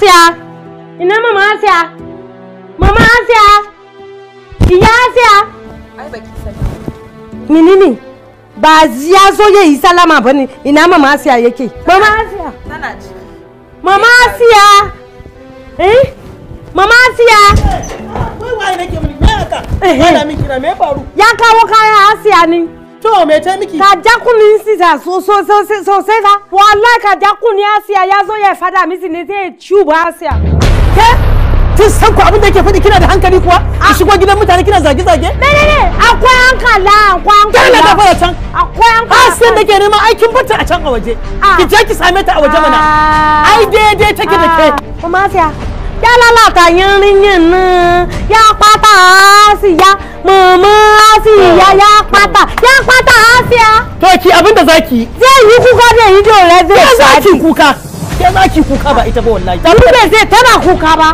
Asia? Ina mama Asia? Mama Asia? Iya Asia? Ba ya zo ya yi salama ba Ina mama Asia yake? Mama Mama Eh? Mama Wai wai nake eh, eh. Ana kira me faru? Ya kawo kaya Asiya ne. To me ta miki? Ka ja kunin sisa sosai fa. Wallahi ka ja ni Asiya ya zo ya fada misi ne zai cuba Asiya. Ke? Kin san ku abin da yake fadi kina da hankali kuwa? Ki ah. shigo gidan mutane kina zage-zage? Ne ne ne, akwai hankala, akwai hankala. Kana da fara can. Akwai hankala. Asiyan da ke nema aikin bata a can a waje. Ah. Ki je ki same ta a waje mana. Ah. Ai daidai take da ke. Kuma Asiya, ya lalata yin nan, ya pata Asiya, mama Asiya ya pata. to ki abin da zaki zai yi kuka da yi dole zai zaki kuka ke zaki kuka ba ita ba wallahi ta ba zai tana kuka ba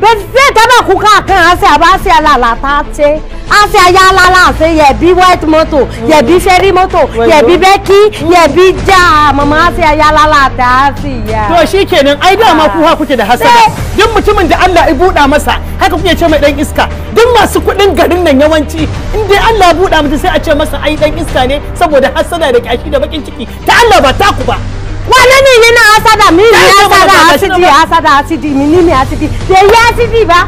ba zai tana kuka kan hasa ba sai lalata ce la say ye yebi white moto yebi ferry moto yebi beki yebi ja mama la la ta asi ya to shikenan ai dama ah. ku ha kuke da hasada eh. duk mutumin da Allah ya buɗa masa haka kuke ce mai dan iska duk masu kuɗin garin nan yawanci in dai Allah ya buɗa masa sai a ce masa ai dan iska ne saboda hasada da kyashi da bakin ciki ta Allah ba ku ba wane ne na hasada mini hasada hasidi hasada hasidi mini mi hasidi bai yi asidi ba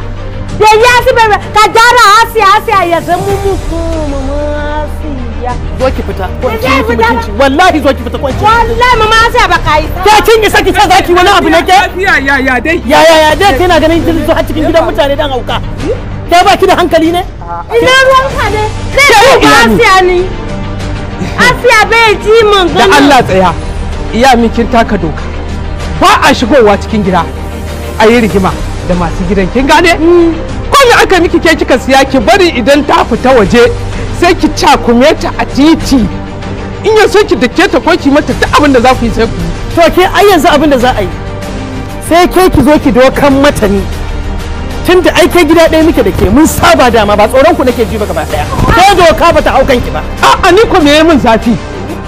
Yayya Asiya ka jara Asiya Asiya ya san mu mu mama Asiya. Zo ki ko ki yi wallahi zo ki fita ko Wallahi mama Asiya ba ka yi. Ke kin isa ki ce ki wani abu ne ke? Ya ya ya dai. Ya ya ya dai kina ganin kin zo a cikin gidan mutane dan hauka. Ke ba ki da hankali ne? Ina ka ne? Zai da ba Asiya ni. Asiya bai ji mun gani. Da Allah tsaya. Iya mi kin taka doka. Ba a shigowa cikin gida. A yi rigima da masu gidan kin gane? Mm. me aka miki ke kika siya ki bari idan ta fita waje sai ki cakume ta a titi in ya so ki dake ta ko ki mata duk abin da za ku yi sai ku to ke ai yanzu abin da za a yi sai ke ki zo ki dokan mata ni tun da ai ke gida ɗaya muke da ke mun saba dama ba tsoron ku nake ji ba gaba daya. ko doka ba ta haukan ki ba a'a ni ko me yayin min zafi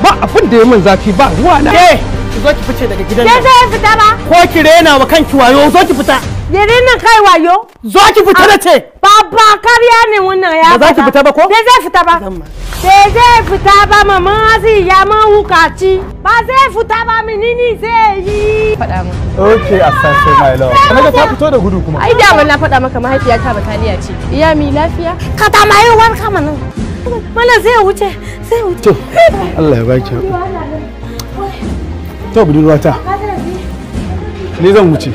ba abin da yayin min zafi ba ruwa na ki zo ki fice daga gidan nan ke zo fita ba ko ki rena wa kanki wayo zo ki fita Yiri nan kai wayo. Zo ki fita da ce. Ah, baba kariya ne wannan ya. Ba za ki fita ba ko? Bai zai fita ba. Bai zai fita ba mama Azi ya man hukaci. Ba zai fita ba minini zai yi. Faɗa mu. Okay, assassin my love. Kana ta fito da gudu kuma. Ai da wannan faɗa maka ba Bataliya ce. Iya mi lafiya? Ka ta mai wanka mana. Mana zai wuce, zai wuce. Allah ya baki. To budurwata. Ni zan wuce.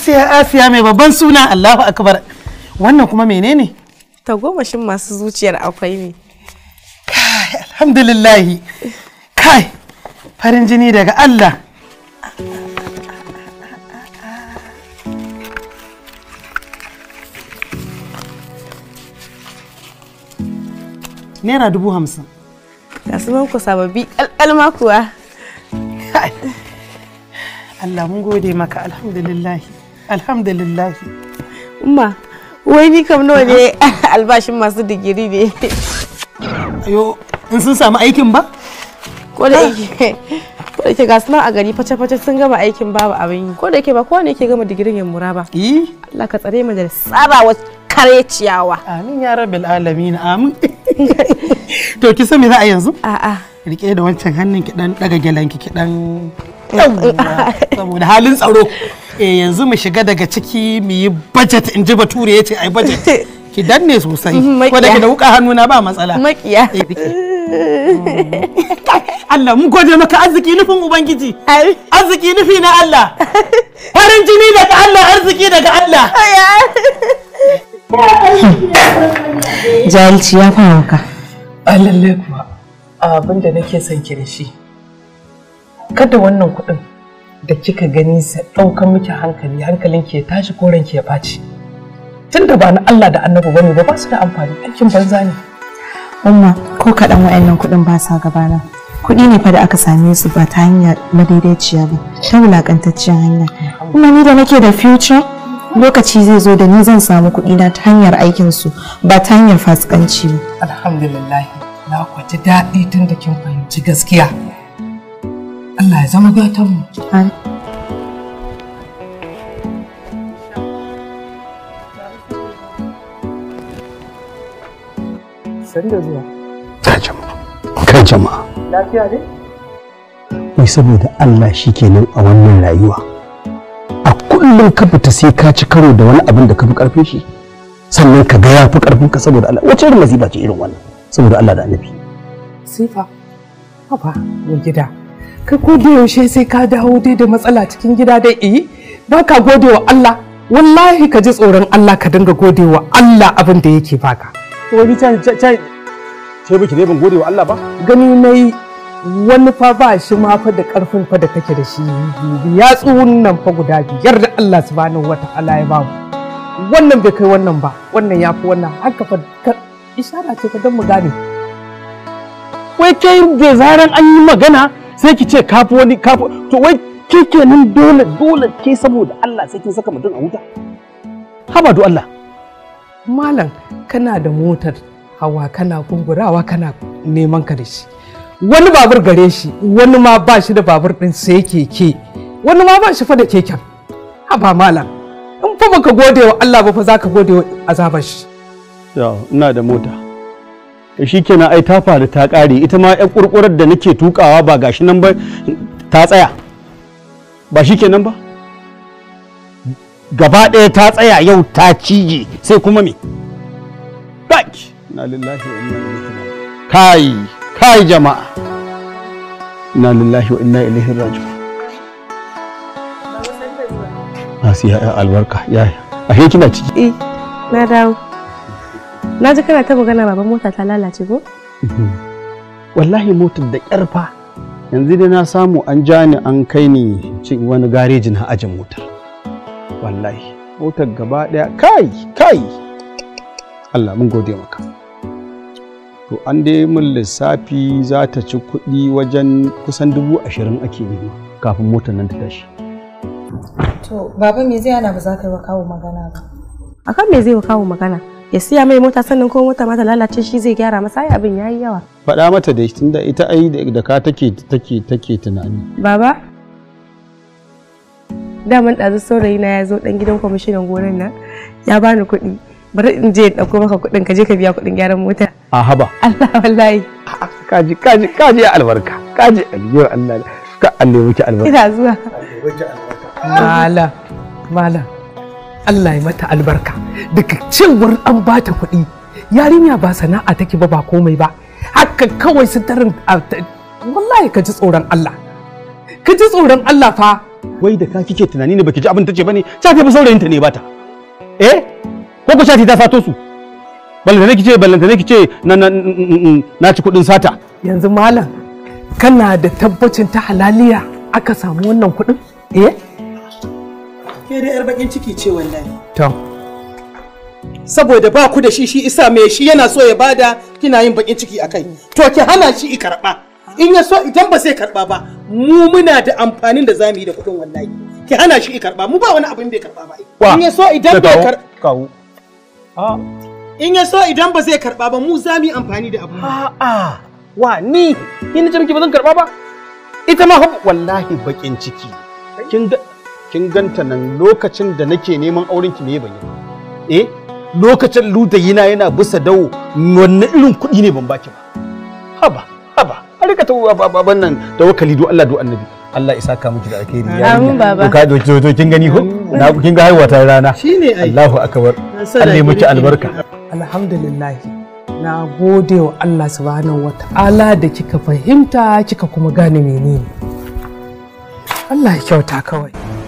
asiya asiya mai babban suna allahu akbar wannan kuma menene tagomashin masu zuciyar akwai ne kai alhamdulillahi kai farin jini daga allah naira dubu hamsin ga su ku sababi alƙalma kuwa Allah mun gode maka alhamdulillahi alhamdulillah umma wai ni kam nawa ne albashin masu digiri ne ayo in sun samu aikin ba ko da yake ko da yake ga suna a gari face face sun gama aikin babu abin yi ko da yake ba ko ne yake gama digirin yan mura ba Allah ka tsare mu da sabawa kare ciyawa amin ya rabbil alamin amin to ki san me za a yanzu a'a rike da wancan hannun ki dan daga ki ki dan saboda halin tsaro eh yanzu mu shiga daga ciki mu yi budget in ji bature ya ce ai budget ki danne sosai mm-hmm, ko da ki da wuka hannu na ba matsala makiya eh, Allah mun gode maka arziki nufin ubangiji arziki nufi na Allah farin jini daga Allah arziki daga Allah jahilci ya fa ka a lalle kuma, abin da nake son ki da shi kada wannan kuɗin da kika gani sa ɗaukan miki hankali hankalin ki tashi ko ranki ya faci tunda ba na Allah da annabi bane ba ba su da amfani aikin banza ne umma ko kaɗan wa'annan kuɗin ba sa gabana kuɗi ne fa da aka same su ba ta hanya madaidaiciya ba ta wulakantaccen hanya kuma ni da nake da future lokaci zai zo da ni zan samu kuɗi na ta hanyar aikin su ba ta hanyar fasikanci ba alhamdulillah na kwaji daɗi tun da kin fahimci gaskiya Allah ya zama gatanmu. Ta rayuwa. A kullum ka fita sai ka ci karo da wani abin da ka fi ƙarfin ka ga ya saboda Allah. Wace irin masifa ce irin wannan? Saboda Allah da annabi. Sifa. Haba, mun gida. kai ko da yaushe sai ka dawo dai da matsala cikin gida dai eh gode wa Allah wallahi ka ji tsoron Allah ka dinga wa Allah abin da yake baka to ni can can ce biki ne ban gode wa Allah ba gani nayi wani fa ba shi ma fa da karfin fa da kake da shi ya tsuhun nan fa guda biyar da Allah subhanahu wata'ala ya bamu wannan bai kai wannan ba wannan ya fi wannan haka fa isara ce ka don mu gane wai kai bai zaran an yi magana sai ki ce kafi wani kafi to wai kike nan dole dole ke saboda Allah sai kin saka mutum a wuta haba do Allah malam kana da motar hawa kana gungurawa kana neman ka da shi wani babur gare shi wani ma ba shi da babur din sai keke wani ma ba shi fa da keken haba malam in fa baka gode wa Allah ba fa zaka gode wa azabar shi ina da mota shi kenan ai ta faru ta ƙare ita ma ƴan ƙurƙurar da nake tukawa ba gashi nan ba ta tsaya ba shi kenan ba gaba ɗaya ta tsaya yau ta cije sai kuma me baki na lillahi wa inna ilaihi kai kai jama'a na lillahi wa inna ilaihi raji'un masu ya'ya albarka yaya ashe kina ciki eh na dawo Na ji kana taba gana baban mota ta lalace ko? Wallahi motar da ƙyarfa yanzu dai na samu an ja ni an kai ni wani garejin na ajin motar. Wallahi motar gaba daya kai kai Allah mun gode maka. To an dai mun lissafi za ta ci kuɗi wajen kusan dubu ashirin ake nema kafin motar nan ta tashi. To baba me zai ana ba za ka yi wa kawo magana ba? Akan me zai wa kawo magana? ya siya mai mota sannan ko mota ma ta lalace shi zai gyara masa ai abin yayi yawa faɗa mata da tunda ita ai da ka take take take tunani baba mun ɗazu saurayi na ya zo ɗan gidan kwamishinan gonan nan ya bani kuɗi bari in je ɗauko maka kuɗin ka je ka biya kuɗin gyaran mota a haba Allah wallahi kaji kaji kaji albarka kaji aliyar Allah ka Allah miki albarka ina zuwa mala mala Allah ya mata albarka daga cewar an bata kuɗi yarinya ba sana'a take ba ba komai ba haka kawai su tarin wallahi ka ji tsoron Allah ka ji tsoron Allah fa wai da ka kike tunani ne baki ji abin tace bane shafe saurayin ta ne bata eh ko ko shafe ta sato su ballantane kice ne kice na na na ci kuɗin sata yanzu malam kana da tabbacin ta halaliya aka samu wannan kuɗin eh ke da yar bakin ciki ce wallahi to saboda ba ku da shi shi isa mai shi yana so ya bada kina yin bakin ciki akai to ki hana shi i karba in ya so idan ba sai karba ba mu muna da amfanin da zamu yi da kuɗin wallahi ki hana shi i karba mu ba wani abin bai karba ba in ya so idan bai kar. kawo in ya so idan ba zai karba ba mu zamu yi amfani da abu a'a wa ni in ji miki ba zan karba ba ita ma wallahi bakin ciki kin ga kin ganta nan lokacin da nake neman auren ki me ban yi eh lokacin ludayina yana bisa dawo wanne irin kuɗi ne ban baki ba haba haba a rika ta baban nan da wakali do Allah do annabi Allah isa ka miki da alkhairi ya amin baba ka do to kin gani ko na kin ga haihuwa ta rana shine ai Allahu akbar Allah miki albarka alhamdulillah na gode wa Allah subhanahu wata'ala da kika fahimta kika kuma gane menene Allah ya kyauta kawai